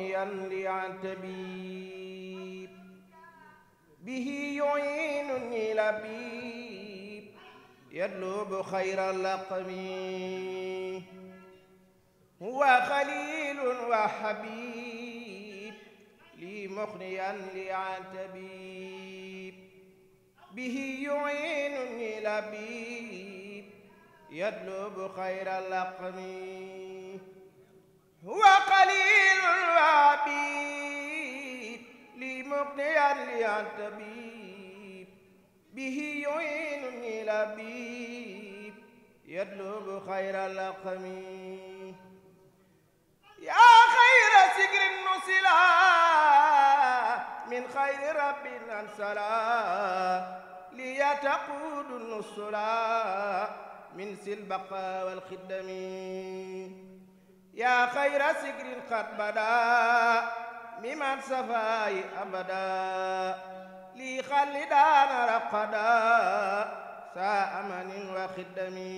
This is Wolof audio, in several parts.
رقيا لعتبيب به يعينني لبيب يدلب خير اللقم هو خليل وحبيب لي مخنيا لعتبيب به يعينني لبيب يدلب خير اللقم huwa qalilul waabid li muqniyan li an tabib bihi yuinuni labib yatlubu xayral aqmi yaa xayra sikrin nusila min xayri rabbin ansala li yataqudu nusula min silbaqa walxiddami yaa xayra sikrin xat bada mi mat safaayi abada lii xalli daana raqada saa amanin wa xiddami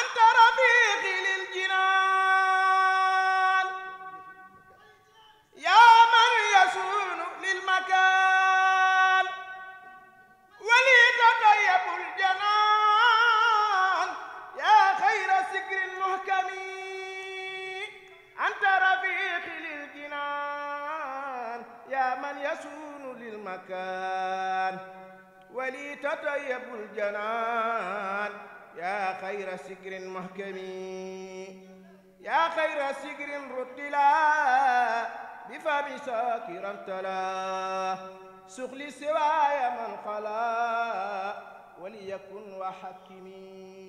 anta rafiqi lil jinaan المكان ولي تطيب الجنان يا خير سكر محكم يا خير سكر رتلا بفم ساكرا تلا سخلي سواي من خلا وليكن وحكمي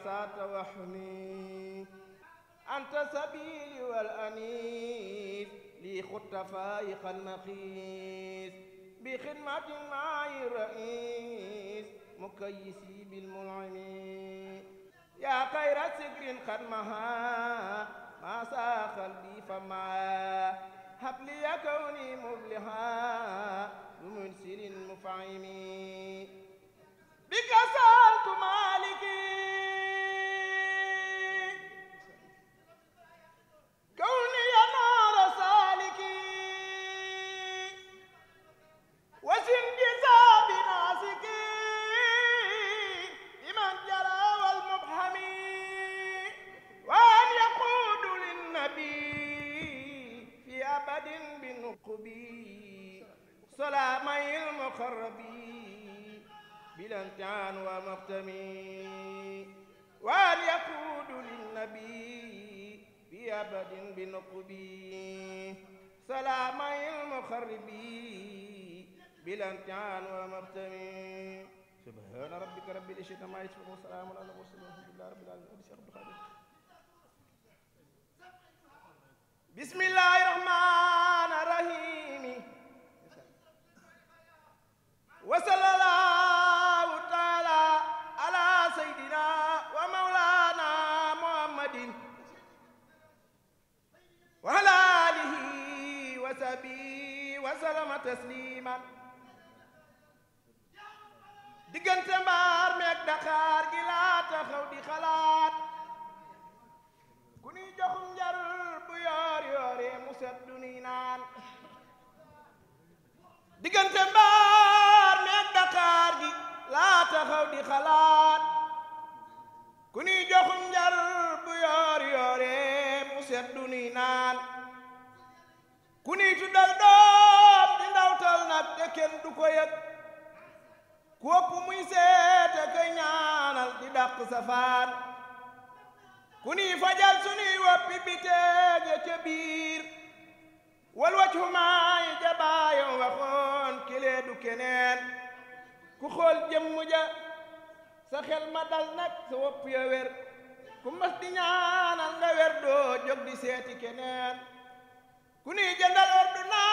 وسعت وحمي أنت سبيلي والأنيس لي خط فائق المقيس بخدمة معي الرئيس مكيسي بالمنعم يا خير سكر خدمها ما سا قلبي فما هب لي كوني مبلها بمنسر مفعمي سلامي المقربين بلا امتحان ومختمي وأن يقود للنبي في أبد بنقبي سلامي المقربين بلا امتحان ومختمي سبحان ربك رب العزة عما يصفون وسلام على المرسلين والحمد لله رب العالمين بسم الله الرحمن الرحيم diggante mbaar meeg Dakar gi laa taxaw di xalaat ku joxum njar bu yoor yooree mu set du naan diggante mbaar meeg Dakar di ndawtal nag te kenn du ko ku ëpp muy seete kay ñaanal di dàq safaan ku nii fajal sunuy woppi bi teege wal wajhu maay ja baayam waxoon kilee du keneen ku xool jëmm ja sa xel ma dal nag sa wopp ya wér ku mas di ñaanal nga wér doo jóg di seeti keneen ku nii jëndal ordonnance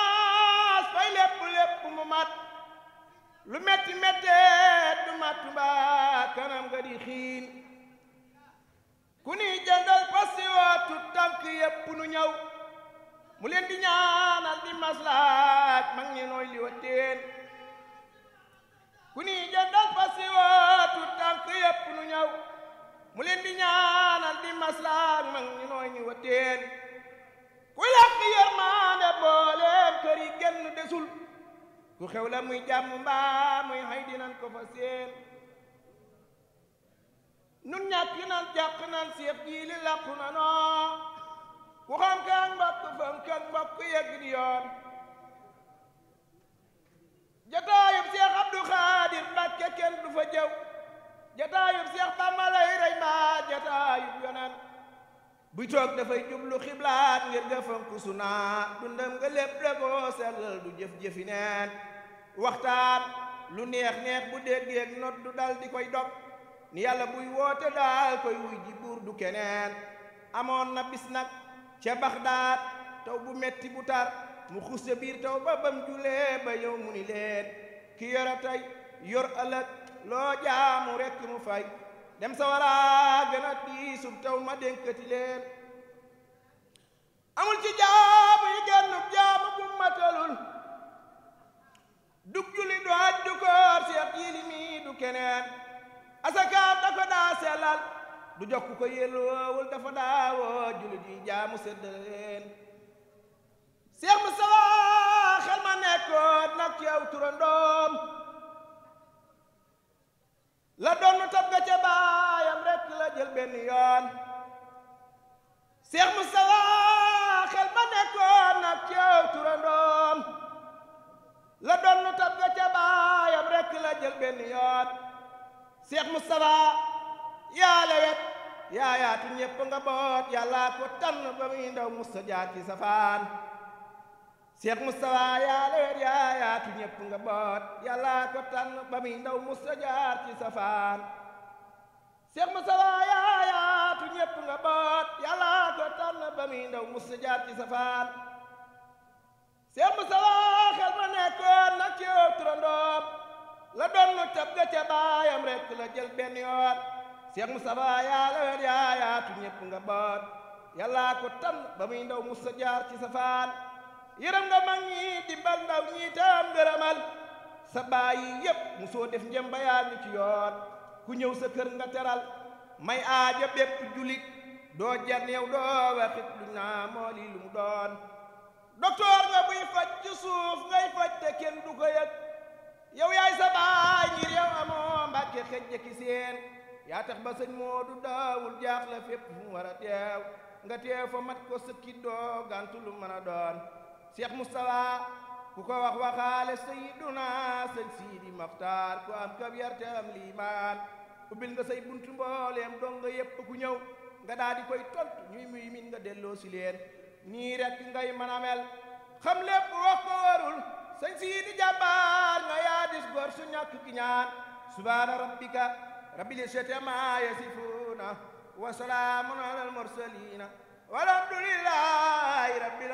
ku ni jëndal fas yi wootu yëpp nu ñëw mu leen di ñaanal di maslaak mag ñu nooy ñu wëteen ku yàq yërmaande booleen kër yi genn desul ku xew la muy jàmm mbaa muy xay dinan ko fa nun ñàkk nan jàq nan seef jii li làqu ku xonk ak mbokk fonk ak mbokk yegg di yoon jotaayub seex xaadir mbàkke du fa jëw jataayub seex bàmba maa jataayub yonan bu toog dafay jublu xiblaat ngir nga fonku sunaa dundam nga lépp la du jëf-jëfi neen lu neex neex bu déggeeg not du dal di koy dog ni yàlla buy woote daal koy wuy ji du keneen amoon na bis nag ca baxdaat taw bu metti bu tar mu xus biir taw ba bam julee ba mu ni leen ki yore tey yor ëllëg loo jaamu rek mu fay dem sa waraa gën a diisub ma dénkati leen amul ci jaamu yi gennub jaamu bu matalul dug juli du aj du koor seet du keneen asakaat da daa sellal du jokk ko yelloowul dafa daawoo juli di jaamu seddal leen seex mu sawa xel ma nekkoon nag yow turandoom la doon tab ga ca baayam rek la jël benn yoon Cheikh Moustapha xel ma nekkoon ak yow turandoom la doon tab ga ca baayam rek la jël benn yoon Cheikh Moustapha yaa lewet yaa yaatu ñépp nga boot yàlla ko tànn ba muy ndaw musta jaar ci Seex Mustafa yaa leer yaa yaatu ñépp nga boot yàllaa ko tànn ba muy ndaw musta jaar ci safaan Seex Mustafa yaa yaatu ñépp nga boot yàllaa ko tànn ba muy ndaw musta jaar ci safaan Seex Mustafa xel ma nekkoon nag ci turandoom la doon nu tab ga rekk la jël benn yoon Seex Mustafa yaa leer yaa yaatu ñépp nga boot yàllaa ko tànn ba muy ndaw musta jaar ci safaan yërëm nga mag ñi dimbal ndaw ñi tam sa bàyyi yépp mu soo def njëm yaa ñu ci yoon ku ñëw sa kër nga teral may aaja bépp julit doo janeew doo waxit lu naa moo lii lu doon docteur nga buy faj ci ngay faj te kenn yëg yow yaay sa baay ngir yow amoo mbàkke xej jëkki seen yaa tax ba sëñ Moodu daawul jaaxle fépp mu war a teew nga teew fa mat ko sëkki doo gantu lu mën a doon cheikh moustapha ku ko wax waxaale sayiduna sëñ siidi maxtaar ku am kab te am liimaan ubbil nga say buntu mbooleem dong nga yépp ku ñëw nga daal koy tontu ñuy muy min nga delloo nii rek ngay mën a mel xam wax ko warul siidi jàmbaar nga yaa dis gor ki ñaan subhaana rabbika rabbil izzati yasifuuna wa salaamun alal mursaliina walhamdulillaahi rabbil